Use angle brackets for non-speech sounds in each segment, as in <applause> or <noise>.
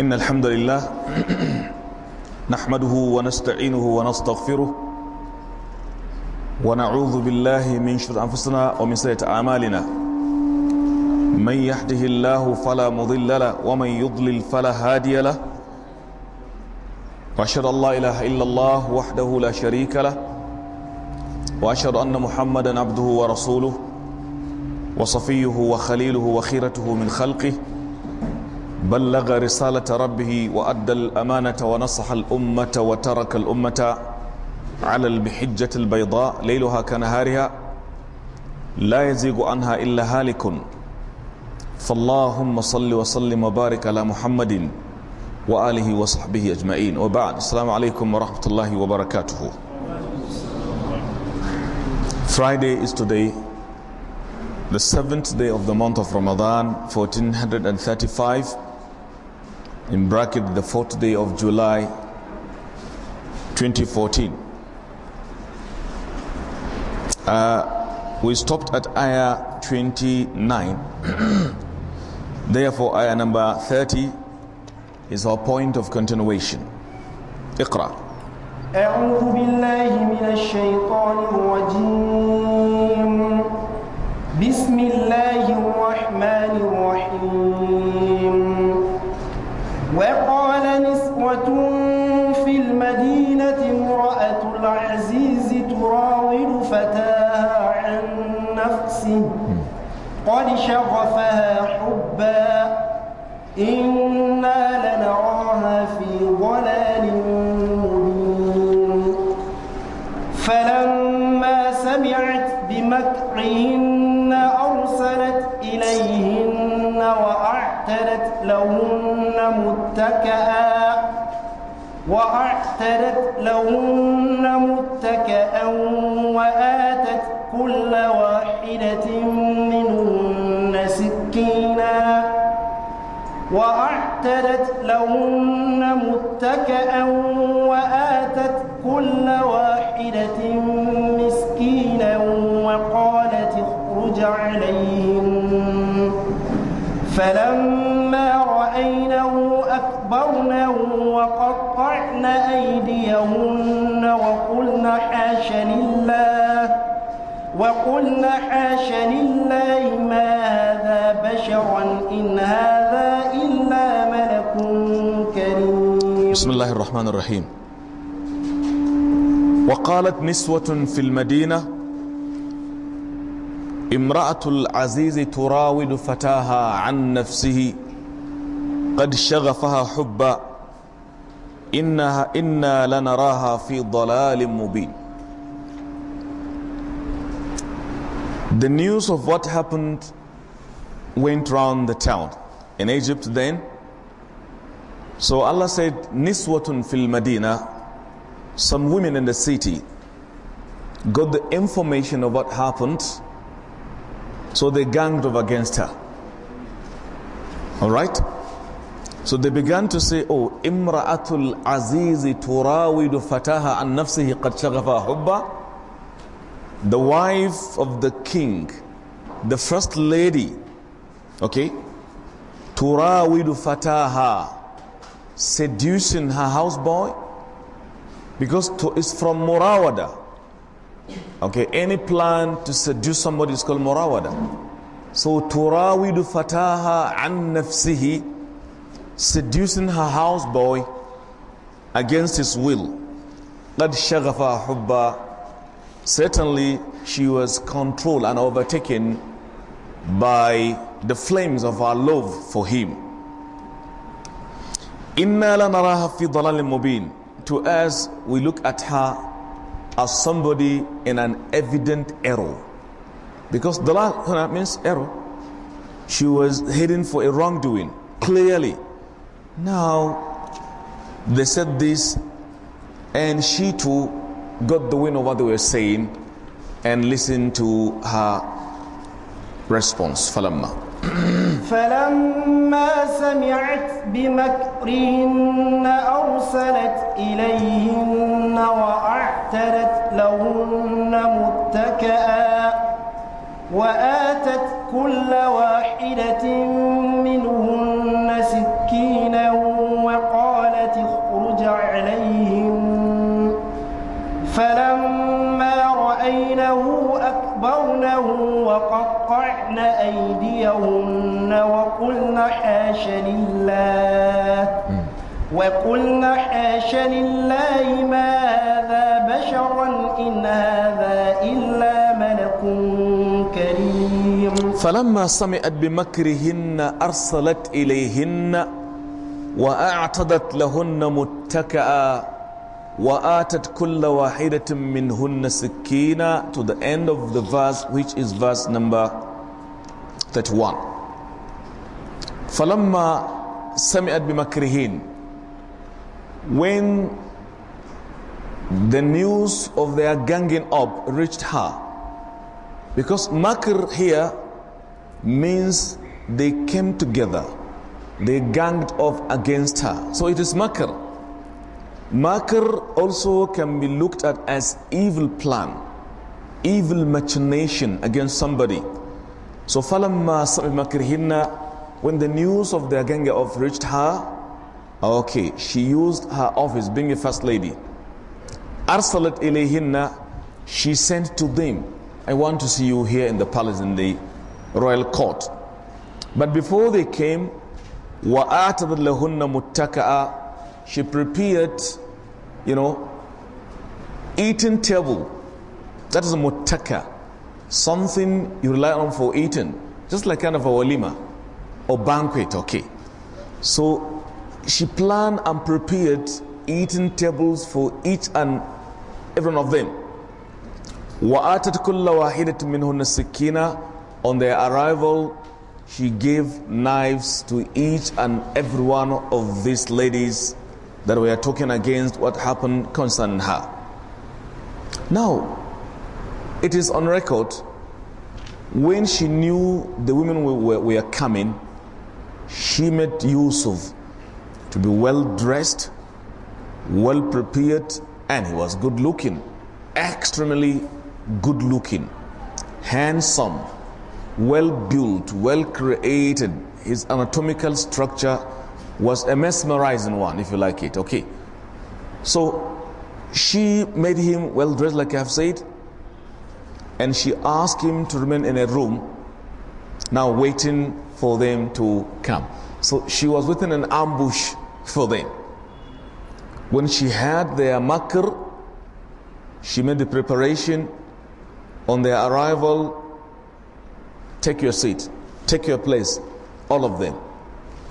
إن الحمد لله <clears throat> نحمده ونستعينه ونستغفره ونعوذ بالله من شر أنفسنا ومن سيئة أعمالنا من يهده الله فلا مضل له ومن يضلل فلا هادي له وأشهد أن لا إله إلا الله وحده لا شريك له وأشهد أن محمدا عبده ورسوله وصفيه وخليله وخيرته من خلقه بلغ رسالة ربه وأدى الأمانة ونصح الأمة وترك الأمة على المحجة البيضاء ليلها كنهارها لا يزيغ عنها إلا هالك فاللهم صل وسلم وبارك على محمد وآله وصحبه أجمعين وبعد السلام عليكم ورحمة الله وبركاته Friday is today the seventh day of the month of Ramadan 1435 in bracket the fourth day of July 2014. Uh, we stopped at ayah 29. <clears throat> Therefore, ayah number 30 is our point of continuation. اقرأ. أعوذ بالله من الشيطان الرجيم. بسم الله الرحمن قد شغفها حبا إنا لنراها في ضلال مبين فلما سمعت بمكرهن أرسلت إليهن وأعتدت لهن متكئا وأعتدت لهن متكئا وآتت كل واحد واحدة منهن سكينا وأعتدت لهن متكأ وآتت كل واحدة مسكينا وقالت اخرج عليهم فلما رأينه أكبرنه وقطعن أيديهن وقلن حاش لله وقلنا حاش لله ما هذا بشرا إن هذا إلا ملك كريم بسم الله الرحمن الرحيم وقالت نسوة في المدينة امرأة العزيز تراود فتاها عن نفسه قد شغفها حبا إنها إنا لنراها في ضلال مبين The news of what happened went round the town in Egypt then. So Allah said, Niswatun fil Madina." some women in the city got the information of what happened, so they ganged up against her. All right? So they began to say, Oh, Imra'atul Azizi turawidu fataha an nafsihi qad shaghafa hubba the wife of the king, the first lady, okay, turawidu fataha, seducing her houseboy, because to, it's from murawada. Okay, any plan to seduce somebody is called murawada. So turawidu fataha an nafsihi, seducing her houseboy against his will. قد شغف حبه Certainly, she was controlled and overtaken by the flames of our love for him. Inna To us, we look at her as somebody in an evident error. Because dalal means error. She was heading for a wrongdoing, clearly. Now, they said this, and she too got the wind of what they were saying and listened to her response. فَلَمَّا فلما سمعت بمكرهن أرسلت إليهن وأعتدت لهن متكئا وآتت كل واحدة منهن فلما رأينه أكبرنه وقطعن أيديهن وقلن حاش لله وقلن حاش لله ما هذا بشرا إن هذا إلا ملك كريم فلما سمعت بمكرهن أرسلت إليهن وأعتدت لهن متكئا وَآتَتْ كُلَّ وَاحِدَةٍ مِّنْهُنَّ سِكِّينًا to the end of the verse which is verse number 31 فَلَمَّا سَمِعَتْ بِمَكْرِهِنَ when the news of their ganging up reached her because makr here means they came together they ganged up against her so it is makr Makr also can be looked at as evil plan, evil machination against somebody. So when the news of the gang of reached her, ah, okay, she used her office being a first lady. Arsalat ilayhinna, she sent to them, I want to see you here in the palace in the royal court. But before they came, وَآتَذَ لَهُنَّ مُتَّكَأَ she prepared, you know, eating table. That is a mutaka, something you rely on for eating, just like kind of a walima or banquet, okay. So she planned and prepared eating tables for each and every one of them. وَآتَتْ كُلَّ وَاحِدَةٍ مِّنْهُنَّ sikina. On their arrival, she gave knives to each and every one of these ladies that we are talking against what happened concerning her. Now, it is on record when she knew the women were, were coming, she made Yusuf to be well dressed, well prepared, and he was good looking, extremely good looking, handsome, well built, well created. His anatomical structure was a mesmerizing one, if you like it. Okay. So she made him well dressed, like I have said, and she asked him to remain in a room, now waiting for them to come. So she was within an ambush for them. When she had their makr, she made the preparation on their arrival. Take your seat, take your place, all of them.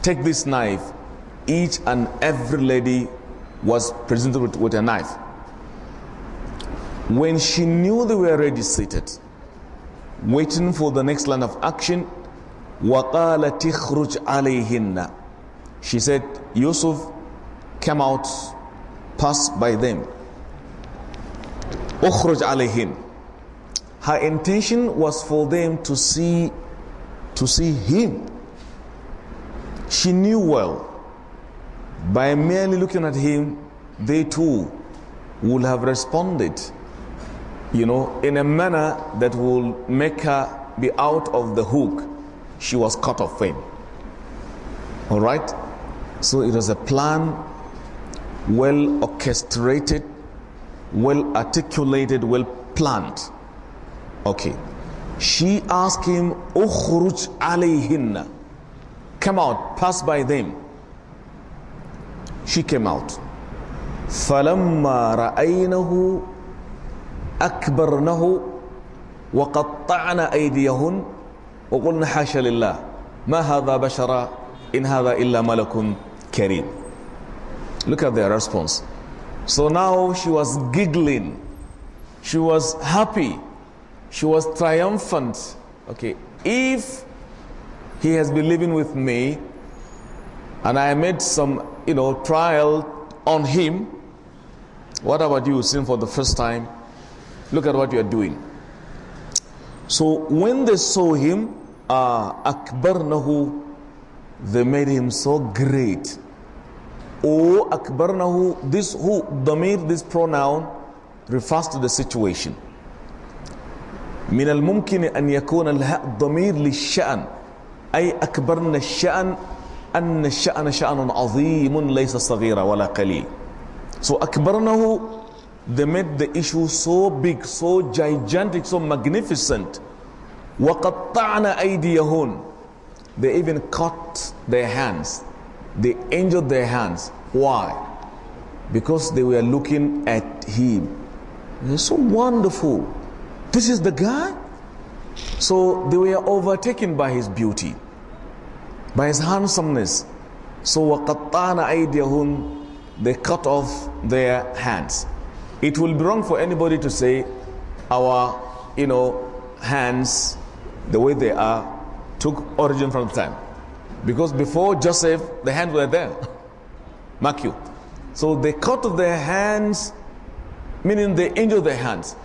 Take this knife, each and every lady was presented with, with a knife. When she knew they were already seated, waiting for the next line of action, She said, Yusuf, come out, pass by them. Her intention was for them to see, to see him. She knew well by merely looking at him, they too will have responded, you know, in a manner that will make her be out of the hook. She was cut off fame. All right? So it was a plan, well orchestrated, well articulated, well planned. Okay. She asked him, Ukhruj alayhinna. Come out, pass by them. She came out. فَلَمَّا رَأَيْنَهُ أَكْبَرْنَهُ وَقَطَّعْنَا أَيْدِيَهُنْ وَقُلْنَا حَاشَ لِلَّهِ مَا هَذَا بَشَرًا إِنْ هَذَا إِلَّا مَلَكٌ كَرِيمٌ Look at their response. So now she was giggling. She was happy. She was triumphant. Okay, if he has been living with me and I made some you know, trial on him, what about you sin for the first time? Look at what you are doing. So when they saw him, uh, they made him so great. Oh, Akbarnahu, this who, Damir, this pronoun refers to the situation. من الممكن أن يكون الضمير للشأن أي أكبرنا الشأن أن الشأن شأن عظيم ليس صغيرا ولا قليل so أكبرنه they made the issue so big so gigantic so magnificent وقطعنا أيديهن they even cut their hands they injured their hands why because they were looking at him He's so wonderful this is the guy so they were overtaken by his beauty by his handsomeness. So They cut off their hands. It will be wrong for anybody to say our, you know, hands, the way they are, took origin from time. Because before Joseph, the hands were there. <laughs> Mark you. So they cut off their hands, meaning they injured their hands.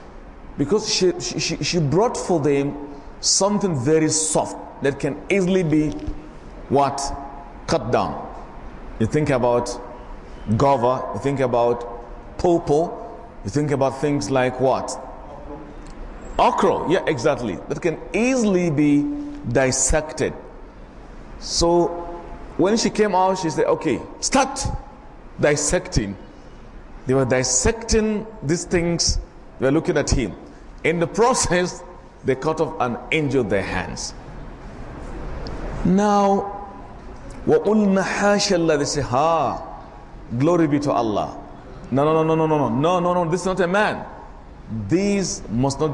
Because she, she, she brought for them something very soft that can easily be what? Cut down. You think about gova, you think about popo, you think about things like what? Okra, yeah, exactly. That can easily be dissected. So when she came out, she said, okay, start dissecting. They were dissecting these things, they were looking at him. In the <laughs> process, they cut off and injured their hands. Now, وَقُلْنَا حَاشَ اللَّهِ They say, ha, glory be to Allah. no, no, no, no, no, no, no, no, no, this is not a man. These must not be